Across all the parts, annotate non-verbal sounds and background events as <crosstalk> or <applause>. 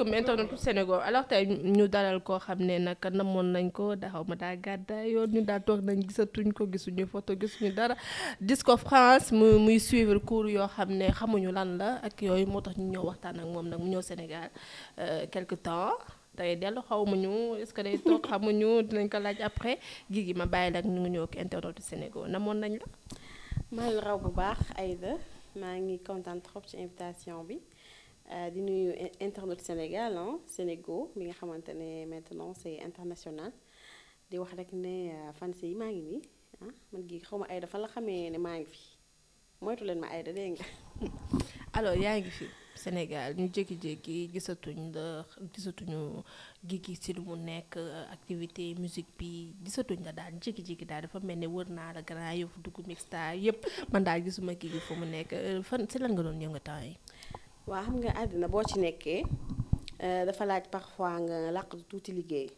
asalaamaaleykum internet Sénégal alors ñu dalal koo xam ne nag namoon nañ ko daxaw ma daa gàddaay yoon ñu daa toog nañ gisatuñ ko gisuñu photo gisuñu dara Disco France mu muy suivre cours yoo xam ne xamuñu lan la ak yooyu moo tax ñu ñëw waxtaan ak moom nag mu ñëw Sénégal euh, quelque temps tey dellu xaw ma ñu est-ce que day toog xamuñu dinañ ko laaj après gi gi ma bàyyi la ak ñu ngi ñëw ak internet Sénégal namoon nañ la. maa ngi raw bu baax Aïda maa ngi kontaan trop ci invitation bi. Euh, di nuyu internet Sénégal ah Sénégo mi nga xamante ne maintenant c'est international di wax rek ne euh, fan yi maa ngi nii ah man gi xaw ma Aida fan la xamee ne maa ngi fi moytu leen ma Aida dégg nga. <laughs> alors yaa ngi fi Sénégal ñu jékki-jékki gisatuñ la gisatuñu Guigui ci lu mu nekk activité musique bi gisatuñ la daal jékki-jékki daal dafa mel ne wër naa la Grand Yoff dugg mixta yëpp man daal gisuma Guigui fu mu nekk euh, fan si lan nga doon nga temps yi. waa xam nga àddina boo ci nekkee eh, dafa laaj parfois nga làq tuuti liggéey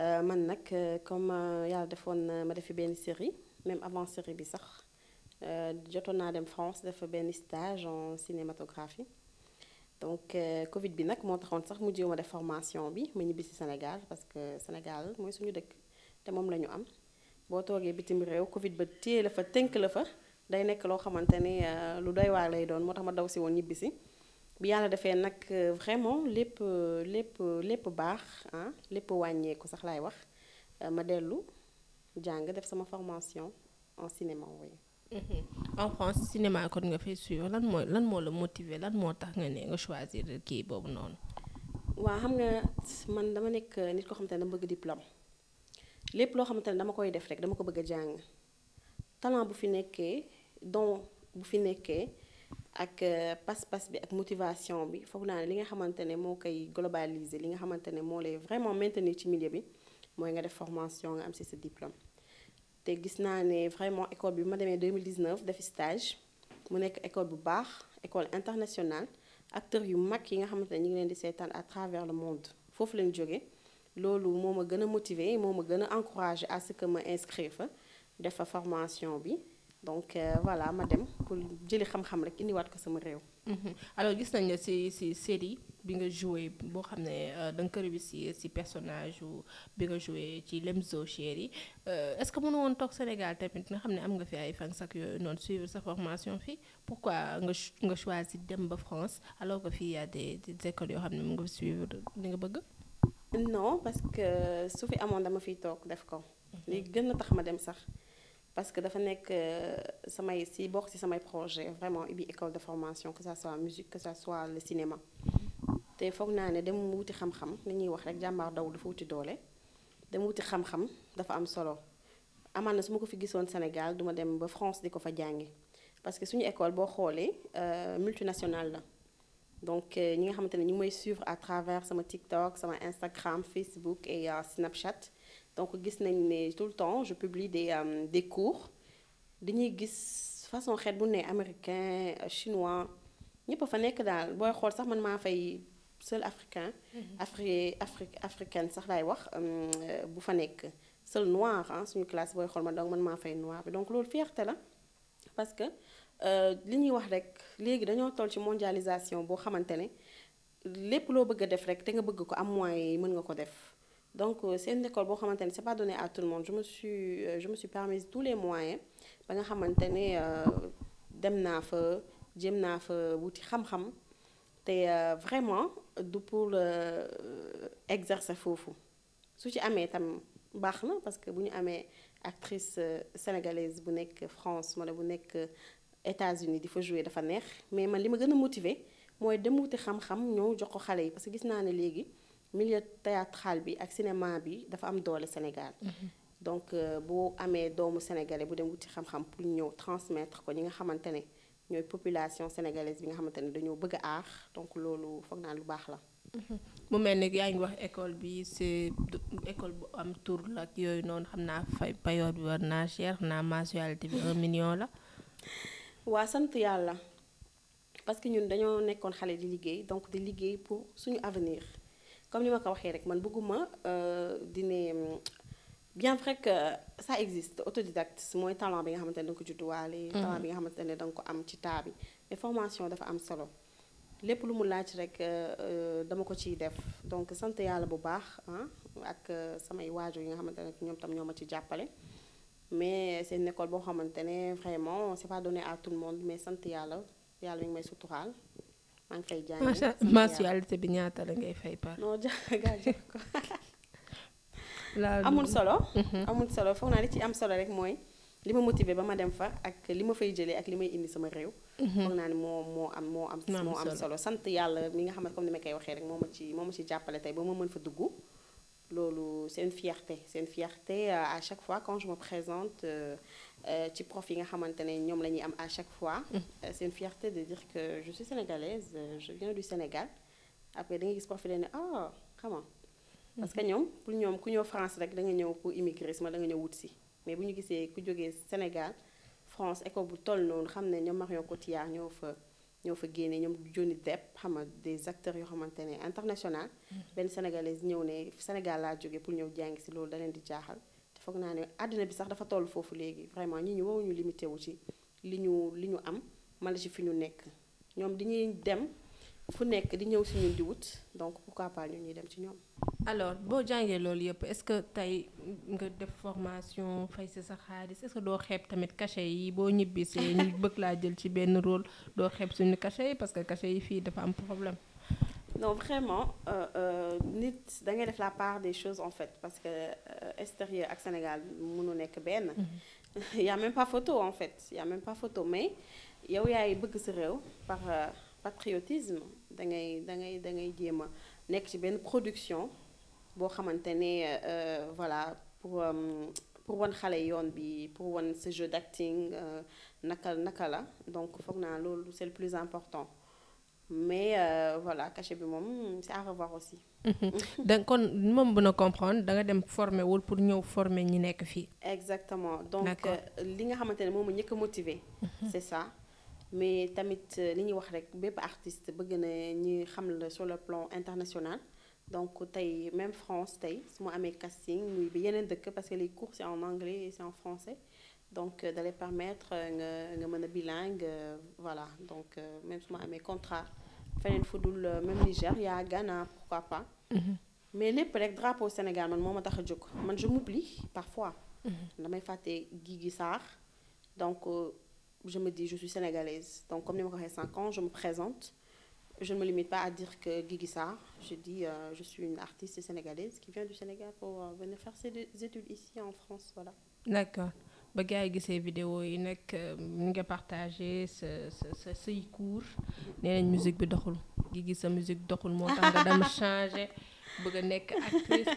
eh, man nag eh, comme yàlla defoon ma defi benn série même avant série bi sax jotoon naa dem France def benn stage en cinématographie donc Covid bi nag moo taxoon sax mu jéem a def formation bi ma ñibbi si Sénégal parce que Sénégal mooy suñu dëkk te moom la ñu am boo toogee bitim réew Covid ba téye la fa tënk la fa. day nekk loo xamante ni euh, lu doy waar lay doon moo tax ma daw si woon ñibbi si bi yàlla defee nag euh, vraiment lépp euh, lépp lépp baax ah lépp wàññeeku sax laay wax ma dellu jàng def sama formation en cinéma oui. Mm-hmm. en France cinéma kon nga fay suivre lan moo la motiver lan moo tax nga ne choisir kii boobu noonu. xam nga man dama nekk nit koo xamante ne bëgg diplôme loo xamante ne dama koy def rek dama ko bëgg a jàng talent bu fi nekkee. donc bu fi nekkee ak euh, pas-pas bi ak motivation bi foog naa ne li nga xamante ne moo koy globaliser li nga xamante ne moo lay vraiment maintenir ci milieu bi mooy nga def formation nga am si sa diplôme. te gis naa ne vraiment école bi ma demee 2019 defi stage mu nekk école bu baax école internationale acteurs yu mag yi nga xamante ne ñu ngi leen di seetaan à travers le monde foofu lañu jóge loolu moo ma gën a motiver moo ma gën a encourager à que ma inscrire fa def formation bi. donc euh, voilà ma dem pour jëli xam-xam rek indiwaat ko sama réew. Mhm. alors gis nañ ne si si série bi nga joué boo xam ne euh, da nga ko réussir si personnage bi nga joué ci Lemzo Chéri euh, est-ce que mënu woon toog Sénégal tamit nga xam ne am nga fi ay fans ak yooyu noonu suivre sa formation fii pourquoi nga nga choisir dem ba France alors ko fii y a des yoo xam ne mu nga suivre li nga bëgg. non parce que su fi amoon dama fi toog def ko. Mhm. li gën a tax ma dem sax. parce que dafa nekk euh, samay si bokk si samay projet vraiment ubbi école de formation que ça soit musique que ça soit le cinéma te foog naa ne dem wuti xam-xam li ñuy wax rek jàmbaar daw dafa wuti doole dem wuti xam-xam dafa am solo amaan na su ma ko fi gisoon Sénégal duma dem ba France di ko fa jànge parce que suñu école boo xoolee euh, multinationale la donc euh, ñi nga xamante ne ñu may suivre à travers sama TikTok sama Instagram Facebook et Snapchat donc gis nañ ne tout le temps je publie des euh, des cours dañuy gis façon xeet bu ne américain chinois ñëpp a fa nekk daal booy xool sax man maa fay seul africain. Mhm. afri afri africaine sax laay wax euh, bu fa nekk seul noir ah suñu classe booy xool ma donc man maa fay noir bi donc loolu fierté la parce que euh, li ñuy wax rek léegi dañoo toll ci mondialisation boo xamante ne lépp loo bëgg a def rek te nga bëgg ko am moyens yi mën nga ko def. donc euh, seen une boo xamante ne c'est pas donné à tout le monde je me suis euh, je me suis permise tous les moyens ba nga xamante ne euh, dem naa fa jëm naa fa wuti xam-xam te vraiment du pour exercer foofu su ci amee tam baax na parce que bu ñu amee actrice sénégalaise bu nekk France wala bu nekk États-Unis di fa jouer dafa neex mais man li ma gën a motiver mooy dem wuti xam-xam ñëw jox ko xale yi parce que gis naa ne léegi. milieu théâtral bi ak cinéma bi dafa am doole Sénégal. Mm-hmm. donc euh, boo amee doomu sénégalais bu dem wuti xam-xam pour ñëw transmettre ko ñi nga xamante ne ñooy population sénégalaise bi nga xamante ne dañoo bëgg a donc loolu foog naa lu baax la. Mm-hmm. mu mel ni yaa ngi wax école bi c'est école bu am tour la ak yooyu noonu xam naa fay payoor bi war naa cher naa mensualité bi un la. <laughs> waa sant yàlla parce que ñun dañoo nekkoon xale di liggéey donc di liggéey pour suñu avenir. comme ni ma ko waxee rek man bëgguma euh, di ne bien vrai que ça existe autodidacte mooy talent bi nga xamante ne ko judduwaale. Mm-hmm. talent bi nga xamante ne da ko am ci taa bi mais formation dafa am solo lépp lu mu laaj rek euh, euh, dama ko ciy def donc sant yàlla bu baax ah, ak samay waajur yi nga xamante ne ñoom tam ñoo ma ci jàppale. mais seen une boo xamante ne vraiment c'est pas donné à tout le monde mais sant yàlla yàlla mi may suturaal. maa ngi fay jaay mensualité bi ñaata la ngay fay par. non <laughs> ko <laughs> amul solo. Mhm. amul solo foog naa li ci am solo rek mooy li ma motiver ba ma dem fa ak li ma fay jëlee ak li may indi sama réew. Mhm. foog naa ne moo moo am moo am. moo am solo sant yàlla mi nga xam ne comme ni ma koy waxee rek moo ma ci moo ma ci jàppale tey ba ma mën fa dugg. loolu c'est une fierté c'est euh, à chaque fois quand je me euh, Euh, ci prof yi nga xamante ne ñoom la ñuy am à chaque fois. Mm. Euh, c'est une fierté de dire que je suis sénégalaise euh, je viens du Sénégal après da nga gis prof yi ne ah xam nga parce que mm-hmm. ñoom pour ñoom ku ñëw France rek da nga ñëw pour immigrisme da nga ñëw wut si mais bu ñu gisee ku jógee Sénégal France école bu toll noonu xam ne ñoom Marion Cotillard ñoo fa ñoo fa génne ñoom Johnny Depp xam nga des acteurs yoo xamante ne international mm-hmm. benn sénégalaise ñëw ne Sénégal laa jógee pour ñëw jàngi si loolu da leen di jaaxal. foog naa ne àddina bi sax dafa toll foofu léegi vraiment ñi ñu wowuñu limité wu ci li ñu li ñu am mala ci fi ñu nekk ñoom dañuy dem fu nekk di ñëw si ñun di donc pourquoi pas ñun ñuy dem ci ñoom. alors boo jàngee loolu yëpp est-ce que tey nga def formation fay si sa xaalis est-ce que doo xeeb tamit cachet yi boo ñibbisee ñu <laughs> bëgg laa jël ci benn rôle doo xeeb suñu cachet yi parce que cachet yi fii dafa am problème. non vraiment euh, euh, nit da ngay def la part des choses en fait parce que extérieur ak Sénégal munu nekk benn. Mhm. <laughs> y' a même pas photo en fait y' a même pas photo mais yow yaay bëgg sa réew par euh, patriotisme da ngay da ngay da ngay jéem a nekk ci benn production boo xamante ne voilà pour. pour wan xale yoon bi pour wan ce jeu d'acting naka naka la donc foog naa loolu c'est le plus important mais euh, voilà cachet bi moom c'est à aussi. Mhm. donc kon moom bu na comprendre danga dem former wul pour ñëw former ñi nekk fii. exactement donc euh, li nga xamante ne moom a njëkk motiver. Mhm. c'est ça mais tamit euh, li ñuy wax rek bépp artiste bëgg na ñu xam la sur le plan international. donc tey même France tey su ma amee casting muy bi yeneen dëkk parce que les cours c'est en anglais en français. donc euh, dalay permettre nga nga mën a bilingue euh, voilà donc euh, même su ma contrat feneen fu dul même Niger yaa Ghana pourquoi pas. Mhm. mais lépp rek drapeau Sénégal ma moo ma tax a jóg man je m'oublie parfois. Mhm. damay fàtte Guigui Sarr donc je me dis je suis sénégalaise donc comme ni ma ko waxee cinq ans je me présente je ne me limite pas à dire que Guigui Sarr je dis euh, je suis une artiste sénégalaise qui vient du Sénégal pour venir faire ses études ici en France voilà. ba gars yi gisee vidéo yi nag ni nga partagé sa sa sa say cours nee musique bi doxul gi gis sa musique doxul moo tax nga changé bëgg a nekk actrice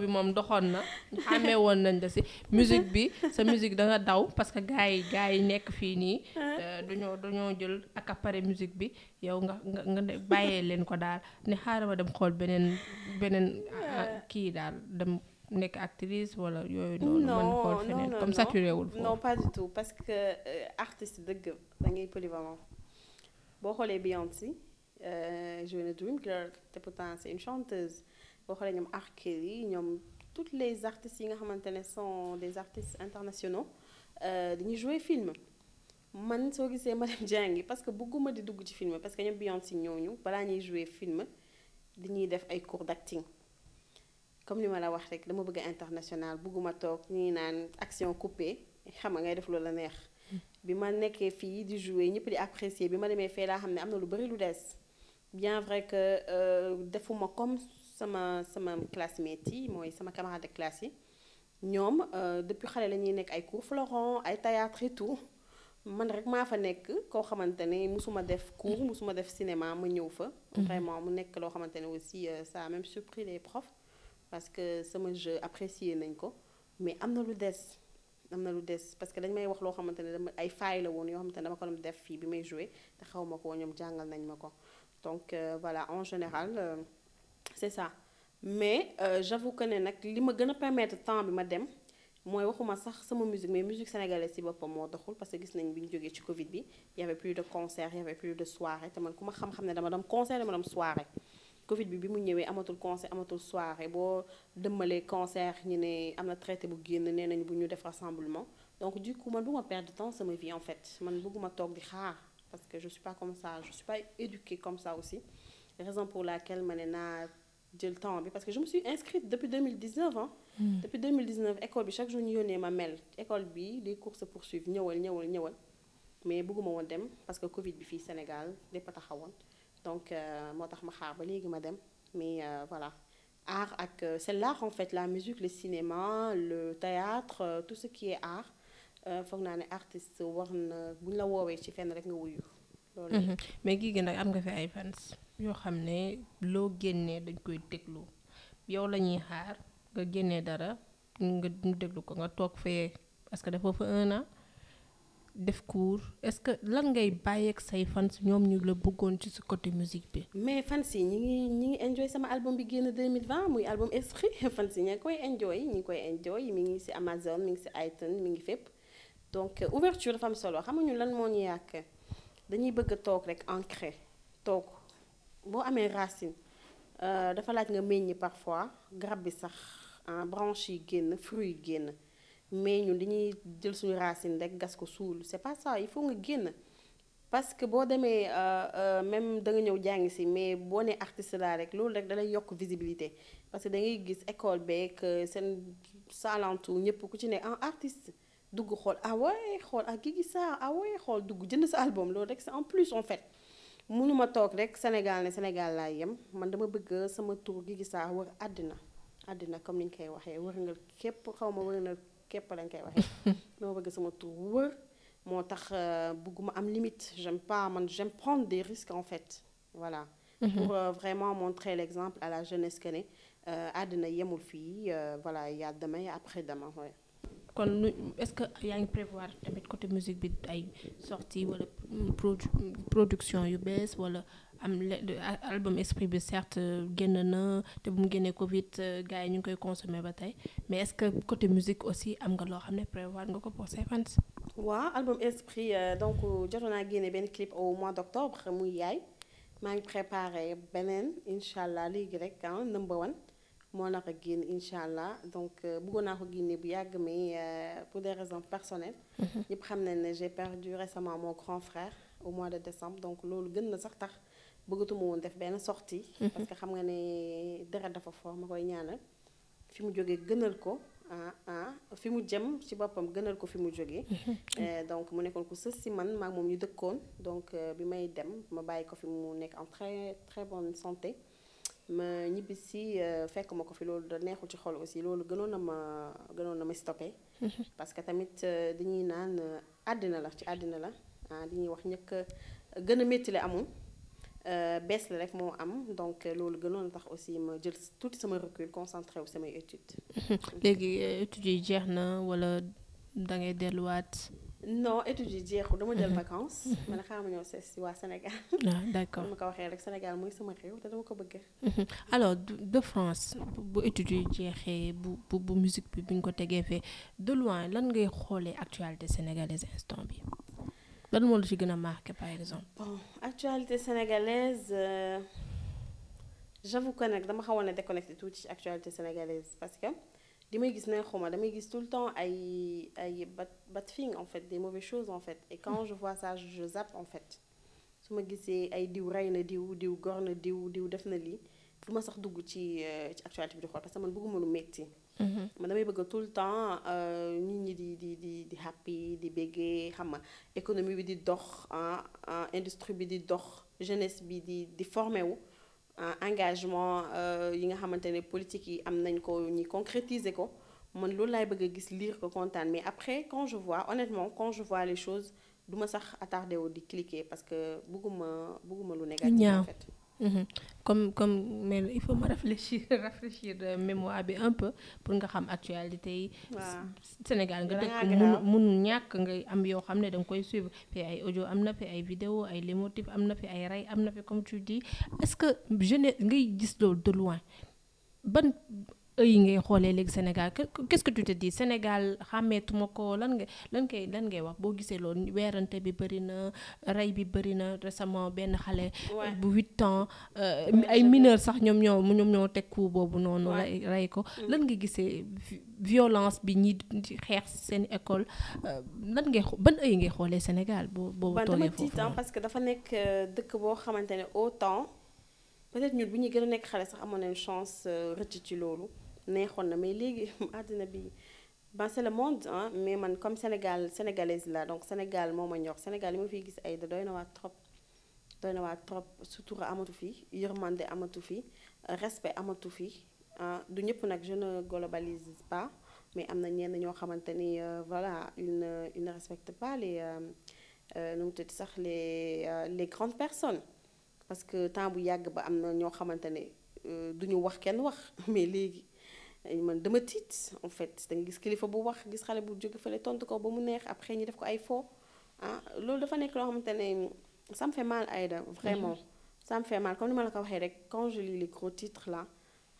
bi moom doxoon na xàmmee woon nañ da si musique bi sa musique da daw parce que gars yi gars yi nekk fii nii euh, dañoo duñoo jël accaparé musique bi yow nga nga nga bàyyee leen ko daal ne xaaral ma dem xool beneen beneen kii daal dem nekk actrice wala yooyu noonu. mën xool feneen comme saturé wul foofu non pas du tout parce que euh, artiste dëgg da ngay polyvalent boo xoolee Beyoncé euh, joué na Dream Girl te pourtant c'est une chanteuse boo xoolee ñoom R. Kelly yi ñoom toutes les artistes yi nga xamante ne sont des artistes internationaux euh, dañuy jouer film. man soo gisee ma dem jàngi parce que bëgguma di dugg ci film parce que ñoom Beyoncé ñooñu balaa ñuy jouer film dañuy def ay cours d'acting comme li ma la wax rek dama bëgg international bëgguma toog ñuy naan action coupée xam nga ngay def loolu la neex. Mm. bi ma nekkee fii di jouer ñëpp di apprécier bi ma demee fee laa xam ne am na lu bari lu des bien vrai que euh, defuma comme sama sama classemates yi mooy sama camarade de classe yi ñoom euh, depuis xale la ñuy nekk ay cours Florent ay théâtre et tout man rek maa fa nekk koo xamante ne musuma def cours musuma def cinéma ma ñëw fa. Mm-hmm. vraiment mu nekk loo xamante ne aussi euh, ça a même surpris parce que sama jeu apprécier nañ ko mais am na lu des am na lu des parce que dañ may wax loo xamante ne dama ay faay la woon yoo xamante ne dama ko def fii bi may joué te xaw ma ko ñoom jàngal nañ ma ko donc euh, voilà en général euh, c'est ça mais euh, j'avoue que ne li ma gën a permettre temps bi ma dem mooy waxuma sax sama musique mais musique sénégalaise ci boppam moo doxul parce que gis nañ bi ñu jógee ci Covid bi y plus de concert y plus de soirée te man ku ma xam-xam ne dama dem concert dama doon soirée Covid bi bi mu ñëwee amatul concert amatul soirée boo dëmmalee concert ñu ne am na traité bu génn nee nañu bu ñu def rassemblement donc du coup man bëgguma perdre temps sama vie en fait man bëgguma toog di xaar parce que je suis pas comme ça je suis pas éduquée comme ça aussi raison pour laquelle ma ne naa jël temps bi parce que je me suis inscrite depuis 2019 ah. Mm. depuis 2019 école bi chaque jour ñu yónnee ma mel école woon dem parce que Covid bi fii Sénégal lépp a taxawoon. donc euh, moo tax ma xaar ba léegi ma dem mais euh, voilà art ak euh, c'est l'art en fait la musique le cinéma le théâtre tout ce qui est art foog naa ne artist war na bu la woowee ci fenn rek nga wuyu. loolu mhm. mais Guigui nag am nga fi ay fans yoo xam ne loo génnee dañ koy déglu yow la ñuy xaar nga génnee dara nga ñu déglu ko nga toog fee parce que dafa fa un def cours est-ce que lan ngay bàyyeek say fans ñoom ñu la bëggoon ci su côté musique bi. mais fans yi ñi ngi ñi ngi enjoy sama album bi génn 2020 muy album esprit <laughs> fans yi ña ngi koy enjoy ñi ngi koy enjoy mi ngi ci Amazon mi ngi ci iTunes mu ngi fépp. donc euh, ouverture dafa am solo xamuñu lan moo ñu yàq dañuy bëgg a toog rek ancré toog boo amee racine euh, dafa laaj nga meññ parfois garab bi sax ah, branche yi génn fruit yi génn. mais ñun dañuy jël suñu racine rek gas ko suul c'est pas ça il faut nga génn parce que boo demee euh, euh, même danga ñëw jàngi si mais boo nee artiste laa rek loolu rek dalay yokk visibilité parce que da ngay gis école beeg euh, seen salantu ñëpp ku ci ne en ah, artiste dugg xool ah xool ak ah, Guigui Sarr ah ouais xool dugg jënd sa album loolu rek c'est en plus en fait mënuma toog rek Sénégal ne Sénégal laay yem man dama bëgg sama tur Guigui Sarr wër àddina àddina comme ni ñu koy waxee wër nga képp xaw ma wër na képp lañ koy waxee. <laughs> dama bëgg sama tur wër moo tax euh, bëgguma am limite j'aime pas man j'aime prendre des risques en fait voilà. Mhm. pour euh, vraiment montrer l'exemple à la jeunesse que ne euh, àddina yemul fii voilà y a demain y a après demain ouais. kon nu est yaa ngi prévoir tamit côté musique bi ay sortie wala production yu bees wala. am album esprit bi certes euh, génn na te bu mu génnee Covid euh, gars yi ñu ngi koy consommer ba tey mais est que côté musique aussi am nga loo xam ne prévoir nga ko pour ses waaw album esprit euh, donc jotoon naa génne benn clip au mois d'octobre muy yaay maa ngi préparé beneen incha allah léegi rek ah number one moo naka génn incha allah donc bëggoon naa ko génne bu yàgg mais pour des raisons personnelles. Mm-hmm. ñëpp xam nañ ne j'ai perdu récemment mon grand frère. au mois de décembre donc loolu gën na sax tax bëggatuma woon def benn sortie mhm. parce que xam nga ne deret dafa fort ma koy ñaanal fi mu jógee gënal ko ah ah fi mu jëm ci boppam gënal ko fi mu jógee. Mhm. Eh, donc mu nekkoon ko sës si man maa moom ñu dëkkoon donc euh, bi may dem ma bàyyi ko fi mu nekk en très très bonne santé ma ñibbi si euh, fekk ma ko fi loolu da neexul ci xol aussi loolu gënoon na ma gënoon na ma stoppé. Mhm. parce que tamit euh, dañuy naan àddina la ci àddina la ah li ñuy wax ñëkk gën a méttile amul euh, bees la rek moo am donc loolu gënoon a tax aussi ma jël tuuti sama recul concentré wu samay études. <laughs> léegi euh, études yi jeex na wala da ngay delluwaat. non études yi jeexu dama jël <laughs> vacances. ma ne xaaral ma ñëw sees si waa Sénégal. ah d' accord ma ko waxee rek Sénégal mooy sama réew te dama ko bëgg. <laughs> alors de France bu études yu jeexee bu bu bu musique bi bu ñu ko tegee fee de loin lan ngay xoolee actualité sénégalaise instant bi. lan moo la ci gën a marqué par exemple. bon actualité sénégalaise euh, j'avoue que nag dama xawoon a déconnecté tuuti ci actualité sénégalaise parce que li may gis neexuma damay gis tout le ay ay bad bad thing en fait des mauvaises choses en fait et quand je vois ça je zappe en fait su ma gisee ay diw rey na diw diw gor na diw diw def na lii du ma sax dugg ci euh, ci actualité bi di xool parce que man bëgguma lu métti. Mm-hmm. man damay bëgg tout le temps euh, nit ñi di di di di happy di béggee xam nga économie bi di dox industrie bi di dox jeunesse bi di di formé wu engagement euh, yi nga xamante ne politique yi am nañ ko ñi concrétiser ko man loolu laay bëgg a gis lire ko kontaan mais après quand je vois honnêtement quand je vois les choses duma sax attardé wu di cliquer parce que bëgguma bëgguma lu négatif en fait Mhm. comme comme mais il faut ma réfléchir rafraîchir <laughs> mémoire bi un peu pour nga xam actualité yi. Sénégal nga dëkk mun munu ñàkk nga am yoo xam ne da nga koy suivre fi ay audio am na fi ay vidéo ay lémotif am na fi ay rey am na fi comme tu dis est-ce que jeunesse ngay gis loolu de loin ban yi ngay xoolee léegi Sénégal quest que tu te dis Sénégal xàmmeetuma ko lan nga lan ngay lan ngay wax boo gisee loolu weerante bi bëri na rey bi bëri na récemment benn xale. bu huit ans euh, ay mineurs sax ñoom ñoo ñoom ñoo teg coup boobu noonu. rey ko mm. lan nga gisee violence bi ñi xeex seen école euh, lan ngay ban ëy ngay xoolee Sénégal boo boo toogee foofu dama parce que dafa nekk euh, dëkk boo xamante ne autant peut-être ñun bu ñuy gën a nekk xale sax amoon nañu chance rëcc ci loolu. neexoon na mais léegi àddina bi ba c'est le monde ah mais man comme Sénégal sénégalaise la donc Sénégal moo ma ñor Sénégal li ma fi gis ay da doy na waa trop doy na waa trop sutura amatu fi yërmande amatu fi respect amatu fi du ñëpp nag je ne globalise pas mais am na ñenn ñoo xamante ni euh, voilà il ne il ne respecte pas les euh, euh, nu sax les les grandes personnes parce que temps bu yàgg ba am na ñoo xamante ne du ñu wax kenn wax <laughs> mais léegi. man dama tiit en fait da gis kilifa bu wax gis xale bu jóge fële tontu ko ba mu neex après ñu def ko ay foo ah, loolu dafa nekk loo xamante ne ça me fait mal vraiment mhm. ça me fait mal ni ma la ko waxee rek quand je lis les gros titres la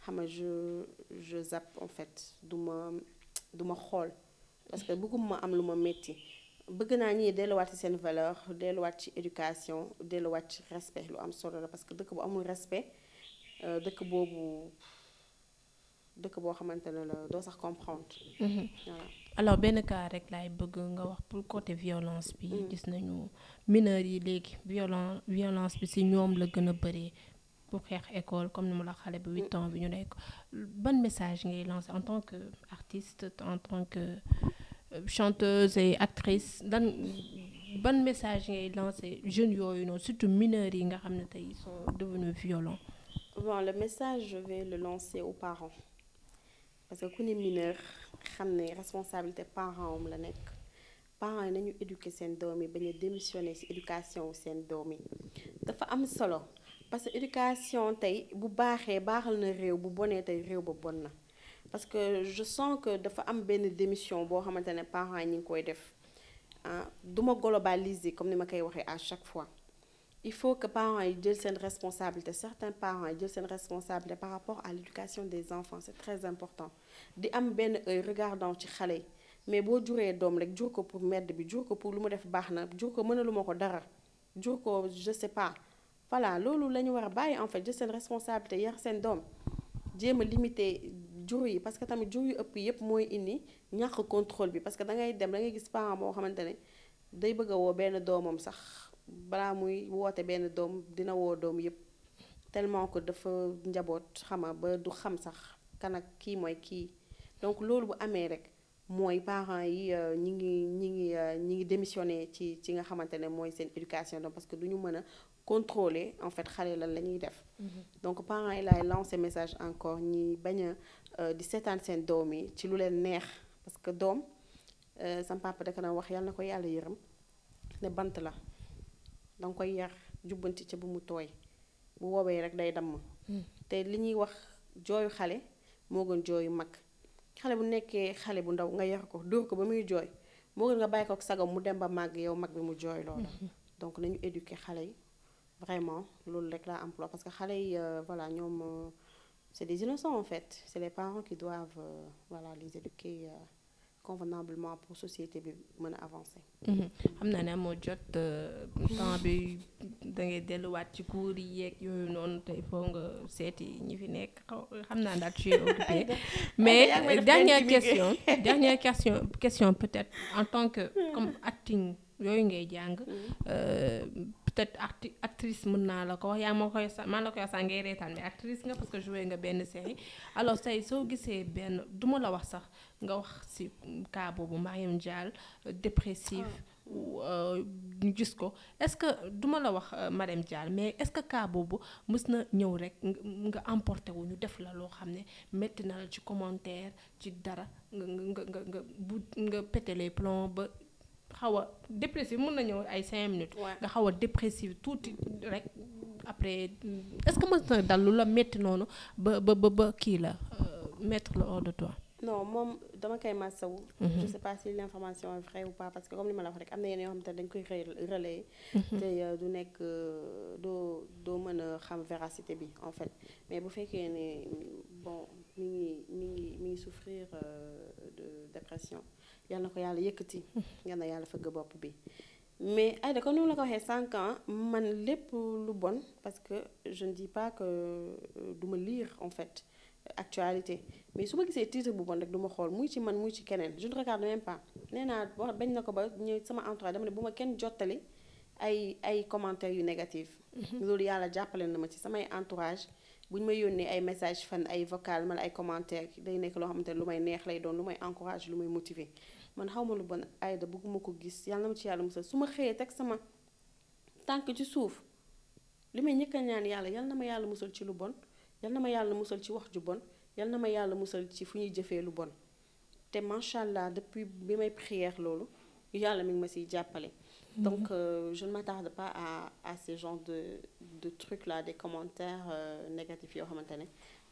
xam nga je je zappe en fait du ma du xool parce que bëgguma am lu ma métti bëgg naa ñii delluwaat ci seen valeur delluwaat ci éducation delluwaat ci respect lu am solo la parce que dëkk bu amul respect euh, dëkk boobu. dëkk boo xamante ne la doo sax comprendre. Mhm. voilà alors benn cas rek laay bëgg nga wax pour côté violence bi. Mhm. gis nañu mineurs yi léegi violence violence bi ci ñoom la gën a bëree pour xeex école comme ni mu la xale bi huit ans bi ñu nekk ban message ngay lancer en tant que artiste en tant que euh, chanteuse et actrice dan ban message ngay lancer jeunes yooyu noonu surtout mineurs yi nga xam ne tey soo sont devenus bon le message je vais le lancer aux parents. parce que ku ne mineur xam ne responsabilité parent am la nekk parents yi nañu éduquer seen doom yi bañ a démissionner ci éducation wu seen doom yi dafa am solo parce que éducation tey bu baaxee baaxal na réew bu bonee tey réew ba bon na parce que je sens que dafa am benn démission boo xamante ne parents yi ñu ngi koy def ah du ma globaliser comme ni ma koy waxee à chaque fois il faut que parents yi jël seen responsabilité certains parents yi jël seen responsabilité par rapport à l'éducation des enfants c'est très important di am benn œil regardant ci xale yi mais boo juree doom rek jur ko pour medd bi jur ko pour lu ma def baax na jur ko mënaluma ko dara jur ko je sais pas voilà loolu la ñu war a bàyyi en fait jël seen responsabilité yar seen doom jéem a limiter jur yi parce que tamit jur yu ëpp yëpp mooy indi ñàkk contrôle bi parce que da ngay dem da ngay gis parent boo xamante ne day bëgg woo benn doomam sax balaa muy woote benn doom dina woo doom yëpp tellement ko dafa njaboot xama ba du xam sax kan ak kii mooy kii donc loolu bu amee rek mooy parents yi euh, ñi ngi ñi ngi euh, ñi ngi démissionné ci ci nga xamante ne mooy seen éducation donc parce que du ñu mën a contrôler en fait xale lan la ñuy def. Mm-hmm. donc yi laay lancé message encore ñi bañ a euh, di seetaan seen doom yi ci lu leen neex parce que doom sam papa da ko na wax yàlla na ko yàlla yërëm ne bant la. danga koy yar jubbanti ca bu mu tooy bu woowee rek day damm. Hmm. te li ñuy wax jooyu xale moo gën jooyu mag xale bu nekkee xale bu ndaw nga yar ko dóor ko ba muy jooy moo gën nga bàyyi ko ak mu dem ba màgg yow mag bi mu jooy loola. Hmm. donc nañu éduquer xale yi vraiment loolu rek laa emploi parce que xale yi euh, voilà ñoom euh, c'est des innocents en fait c'est les parents qui doivent euh, voilà les éduquer. convenablement pour société bi mën a avancer. Mhm. xam naa ne amoo jot euh, temps bi da delluwaat ci cours yi yooyu noonu te il nga seeti ñi fi nekk xam naa daal tu es <laughs> mais ah, dernière question dernière question question peut-être en tant que hmm. comme acting yooyu ngay jàng mm. euh, peut-être acti actrice mën naa la ko wax yaa ma koy sa maa la koy wax sax ngay reetaan mais actrice nga parce que nga benn série alors tey soo gisee benn duma la wax sax nga wax si cas boobu Mariam Dial euh, dépressif ah. euh, ñu gis ko est-ce que duma la wax madame Dial mais est-ce que cas boobu mës na ñëw rek nga emporté wu ñu def la loo xam ne métti na la ci commentaire ci dara nga nga nga nga bu nga pété les ba xaw a dépressive mën na ñëw ay cinq minutes. nga xaw a dépressive tuuti rek après est-ce que mës na dal lu la metti noonu ba ba ba kii la euh, mettre le hors de toi. non moom dama koy masawu. Mhm. je sais pas si l'information est vraie ou pas parce que comme li ma la wax rek am na yeneen yoo xam te dañ koy relayer. Mhm. te euh, du nekk euh, doo doo mën a xam véracité bi en fait mais bu fekkee ne bon mi ngi mi ngi mi ngi souffrir de dépression. yal na ko yàlla yëkkati. yal na yàlla fëgg bopp bi. mais Aïda comme ni ma la ko waxee cinq ans ah, man lépp lu bon parce que je ne dis pas que euh, du ma lire en fait euh, actualité mais su ma gisee titre bu bon rek du ma xool muy ci man muy ci keneen ju ne regarde même pas nee naa wax na ko ba ñëw sama entourage dama ne bu ma kenn jottali ay ay commentaires yu négatif mhm. loolu yàlla jàppale na ma ci samay entourage bu ñu may yónnee ay message fan ay vocal ma ay commentaire day nekk loo xamante ne lu may neex lay doon lu may encourage lu may motiver man xaw ma lu bon Aïda bëgguma ko gis yàlla na ma ci yàlla musal su ma xëyee teg sama tànk ci suuf li may njëkk ñaan yàlla yal na ma yàlla musal ci lu bon yal na ma yàlla musal ci wax ju bon yal na ma yàlla musal ci fu ñuy jëfee lu bon te macha allah depuis bi may prière loolu yàlla mi ngi ma siy jàppale. Mhm. donc euh, je ne pas à à ce genre de de trucs là des commentaires euh, négatifs yoo xamante ne.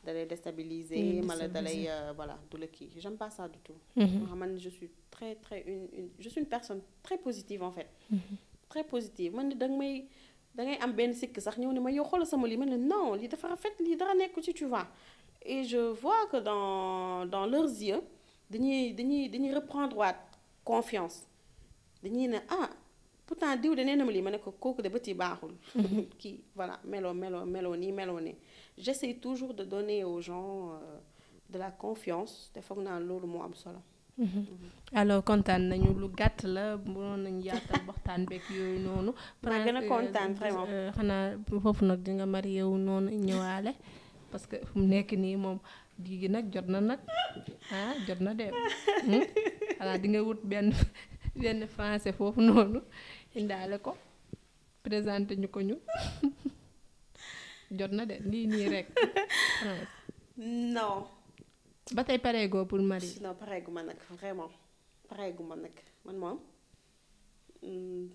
d'aller déstabiliser, malgré euh, voilà, tout le qui. J'aime pas ça du tout. Mm -hmm. Je suis très, très, une, une, je suis une personne très positive en fait. Mm -hmm. Très positive. Moi, da ngay am benn sikk sax ñëw ne ma yow xoolal sama lii ma ne lii dafa rafet lii dara nekku ci tu vois et que dans dans leurs yeux dañuy dañuy dañuy reprendre waat confiance dañuy ne ah pourtant de na ma lii ma ne ko kooku de bët yi baaxul mhm. <laughs> kii voilà meloo melo melo nii meloo nii j'essaie toujours de donner aux gens euh, de la confiance te foog naa loolu moo am solo. Mhm. Mhm. alors kontaan nañu lu gàtt la mënoon nañu yaatal waxtaan beeg yooyu noonu. maa gën a kontaan euh, vraiment euh, xanaa foofu nag di nga marié wu noonu ñëwaale parce que fu mu nekk nii moom jigi nag jot na nag ah jot na de hmm? xanaa di nga wut benn <laughs> benn français foofu noonu indaale ko présenté ñu ko ñu. <laughs> jot na de nii nii rek. <laughs> non. ba tey pareegoo pour mari. non pareegu ma nag vraiment pareegu ma nag man moom. Mm.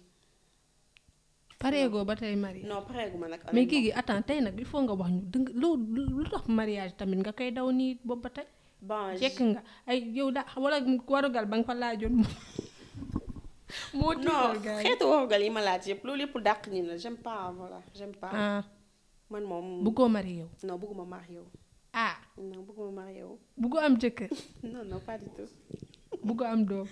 pareegoo ba tey mari. non pareegu ma nag. mais kii gi attends tey nag il faut nga wax ñu dëng lu tax mariage tamit nga koy daw nii boobu ba tey. bon jekk nga ay yow da wala warugal ba nga fa laajoon. <laughs> moo tiital gars yi ma laaj yëpp loolu yëpp dàq ñu la j'aime pas voilà j'aime pas. Ah. man moom bëggoo mari yow. non bëgguma mari yow. ah non bëgguma mari am jëkkër. <laughs> non non pas du tout. bëggoo am doom.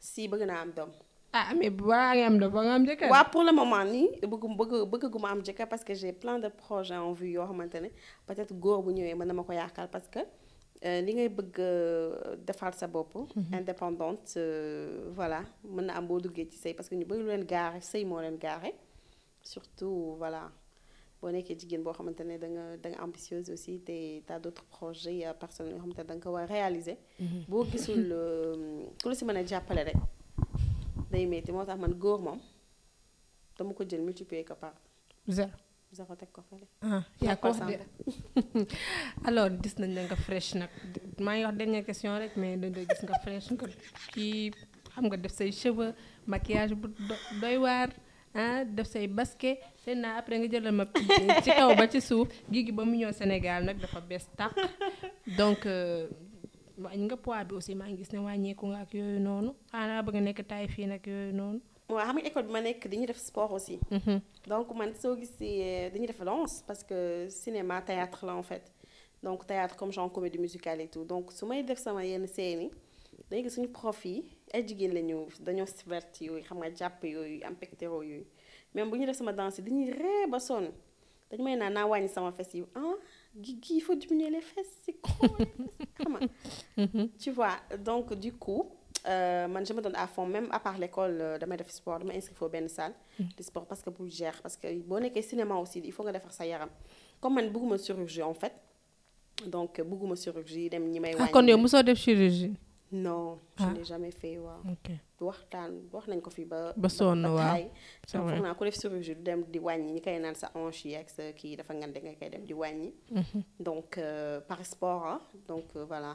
si bëgg naa am doom. ah mais balaa nga am doom ba nga am jëkkër. waaw pour le moment nii bëggu bëgg bëgguma am jëkkër parce que j'ai plein de projets en vue yoo xamante ne peut-être góor bu ñëwee mën na ma ko yaakaar parce que. Euh, li ngay bëgg euh, defal sa bopp. Mhm. indépendante euh, voilà mën na am boo duggee ci sëy parce que ñu bëri lu leen gaare sëy moo leen gaare surtout voilà. boo nekkee jigéen boo xamante ne danga nga da nga ambitieuse aussi te t'as d'autres projets euh, personnels yoo xamante ne da ko war a réaliser. Mhm. boo gisul euh, ku la si mën a jàppale rek day metti moo tax man góor moom dama ko jël multiplier ko par zéro. zéro teg ko fële. yaa ko wax de <laughs> alors gis nañ la nga fresh nag maa ngi wax dernière question rek mais dañ doon gis nga fresh nga kii xam nga def say cheveux maquillage bu doy waar. ah def say basket seen naa après nga jëlal ma <laughs> ci kaw ba ci suuf Guigui ba mu ñëw Sénégal nag dafa bees tàq donc euh, wàññ nga pois bi aussi maa ngi gis ne wàññeeku nga ak yooyu noonu xanaa bëgg nekk taay fii nag yooyu noonu. waaw xam nga école bi ma nekk di dañuy def sport aussi. Mm-hmm. donc man soo gisee euh, dañuy def danse parce que cinéma théâtre la en fait donc théâtre comme genre comédie musicale et tout donc su may def sama yenn scène yi léegi suñu prof yi ay jigéen lañu dañoo sivert yooyu xam nga jàpp yooyu am pectoraux yooyu même bu ñu def sama danse dañuy ree ba sonn dañu may naan naa wàññi sama fes yi ah Guigui il faut diminuer les fesses c'est mhm. donc du coup euh, man je me donne à fond même euh, def sport damay benn salle mhm. de sport parce que pour gère que boo nekkee cinéma aussi il faut nga defar sa yaram comme man bëgguma chirurgie en fait donc bëgguma chirurgie dem ñi may ah, wàññi kon yow mosoo def chirurgie non je ah. n'ai jamais fait waaw. waxtaan wax nañ ko fi ba. ba sonn waaw c'est vrai foog naa ko def chirurgie du dem di wàññi ñi koy naan sa hanche yi sa kii dafa ngante nga koy dem di wàññi. Mhm. donc euh, par donc euh, voilà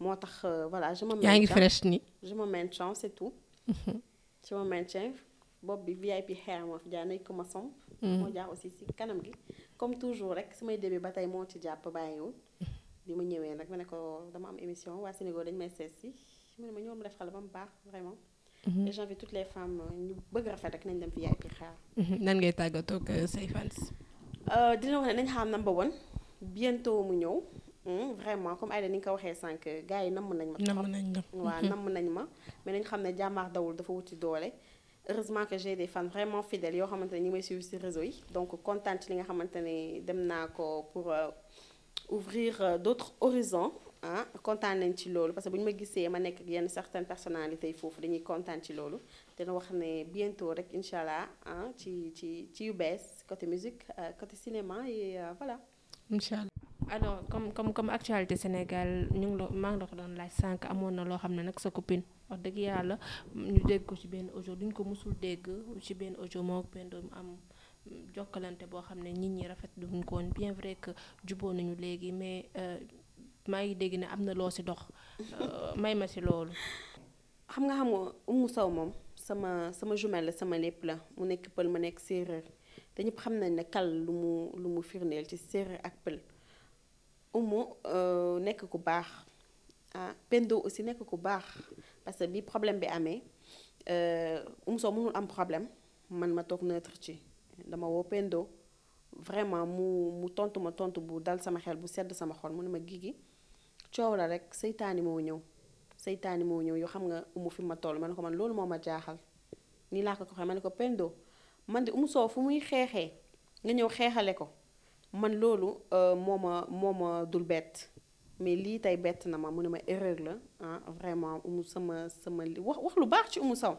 moo tax euh, voilà yaa ngi fresh ni je me maintiens c'est tout. Mhm. je me bopp bi VIP hair moo fi jaar nañ ko ma somb. moo jaar aussi si kanam gi comme toujours rek su may demee ba tey moo ci jàpp bàyyiwul. bi mu ñëwee nag ma ne ko dama am émission waa Sénégal dañu may sees si mu ne ma ñoom defal ba mu baax vraiment. Mhm. et j'invite toutes les femmes euh, ñu bëgg rafet mhm. ak euh, euh, nañ mu ñëw. Hmm, vraiment ni nga ko waxee sànq gars yi namm nañ ma. namm nañ ma <laughs> waaw mhm. namm nañ ma. mais nañ xam ne jàmbaar dawul dafa wuti doole heureusement que j'ai des fans vraiment fidèles yoo xamante ne ñu dem naa ko pour. ouvrir euh, d'autres horizons ah kontaan nañ ci loolu parce que bu ñu ma gisee ma nekk ak yenn certaines personnalités foofu dañuy kontaan ci loolu dina wax ne bientôt rek incha allah ci ci ci yu bees côté musique euh, côté cinéma et euh, voilà. incha allah alors comme comme comme actualité Sénégal ñu ngi la maa ngi la ko doon laaj sànq amoon na loo xam ne nag sa copine wax dëgg yàlla ñu dégg ko ci benn audio duñ ko mësul dégg ci benn audio moo benn doomu am. jokkalante boo xam ne nit ñi rafet du ko woon bien vrai que juboo nañu léegi mais euh, maa ngi dégg ne am na loo si dox euh, may ma ci loolu. xam nga xam nga Oumou Sow moom sama sama jumelle la sama lépp la mu nekk pël ma nekk séeréer te ñëpp xam nañ ne kal lu mu lu mu firndeel ci séeréer ak pël Oumou euh, nekk ku baax ah Pendo aussi nekk ku baax parce que bi problème bi amee Oumou Sow mënul am problème man ma toog neutre ci. dama woo Pendo vraiment mu mu tontu ma tontu bu dal sama xel bu sedd sama xol mu ne ma Guigui coow la rek seytaani moo ñëw seytaani moo ñëw yoo xam nga umu fi ma toll ma ne ko man loolu moo ma jaaxal nii laa ko ko ma ne ko Pendo man de umu fu muy xeexee nga ñëw xeexale ko man loolu euh, moo ma moo dul bett mais lii tey bett na ma mu ne ma erreur la ah vraiment umu sama sama wax wax lu baax ci umu saw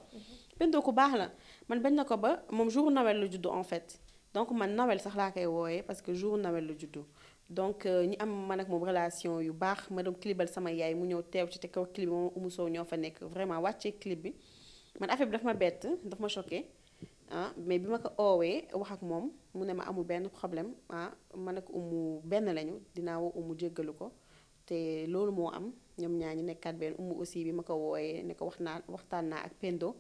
pendoo ku baax la man bañ na ko ba moom jour Noël la juddu en fait donc man nawel sax laa koy wooyee parce que jour Noël la juddu donc euh, ñu am man ak moom relation yu baax ma dem clipal sama yaay mu ñëw teew ci kaw clip bi Sow ñoo fa nekk vraiment wàccee clip bi man affaire bi daf ma bett daf ma choqué ah mais bi ma ko oowee wax ak moom mu ne ma amul benn problème ah man ak Oumou benn lañu dinaa woo Oumou jéggalu ko te loolu moo am ñoom ñaa ñu nekkaat benn Oumou aussi bi ma ko wooyee ne ko wax naa waxtaan naa ak Pendo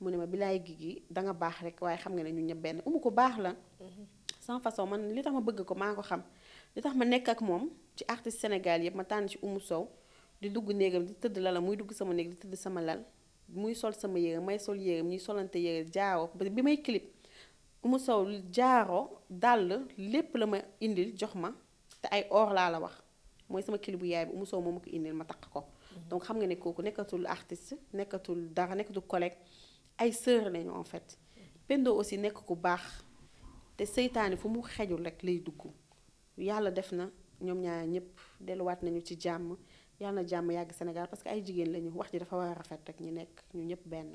mu ne ma gii Guigui danga baax rek waaye xam nga ne ñu ñëpp benn umu ko baax la. Mhm. sans façon man li tax ma bëgg ko maa ko xam li tax ma nekk ak moom ci artiste Sénégal yëpp ma tànn ci umu sow di dugg néegam di tëdd lalam muy dugg sama néeg tëdd sama lal muy sol sama yére may sol yére ñuy solante yére jaaro bi may clip umu sow jaaro dàll lépp la ma indil jox ma te ay or laa la wax mooy sama clip yaay bi umu sow ma ko indil ma takk ko. Mhm. donc xam nga ne kooku nekkatul artiste nekkatul dara nekkatul collègue. ay sœur lañu en fait Pendo aussi nekk ku baax te seytaane fu mu xeju rek lay dugg yàlla def na ñoom ñaar ñëpp delluwaat nañu ci jàmm yàlla na jàmm yàgg Sénégal parce que ay jigéen lañu wax ji dafa war a rafet rek ñu nekk ñu ñëpp benn.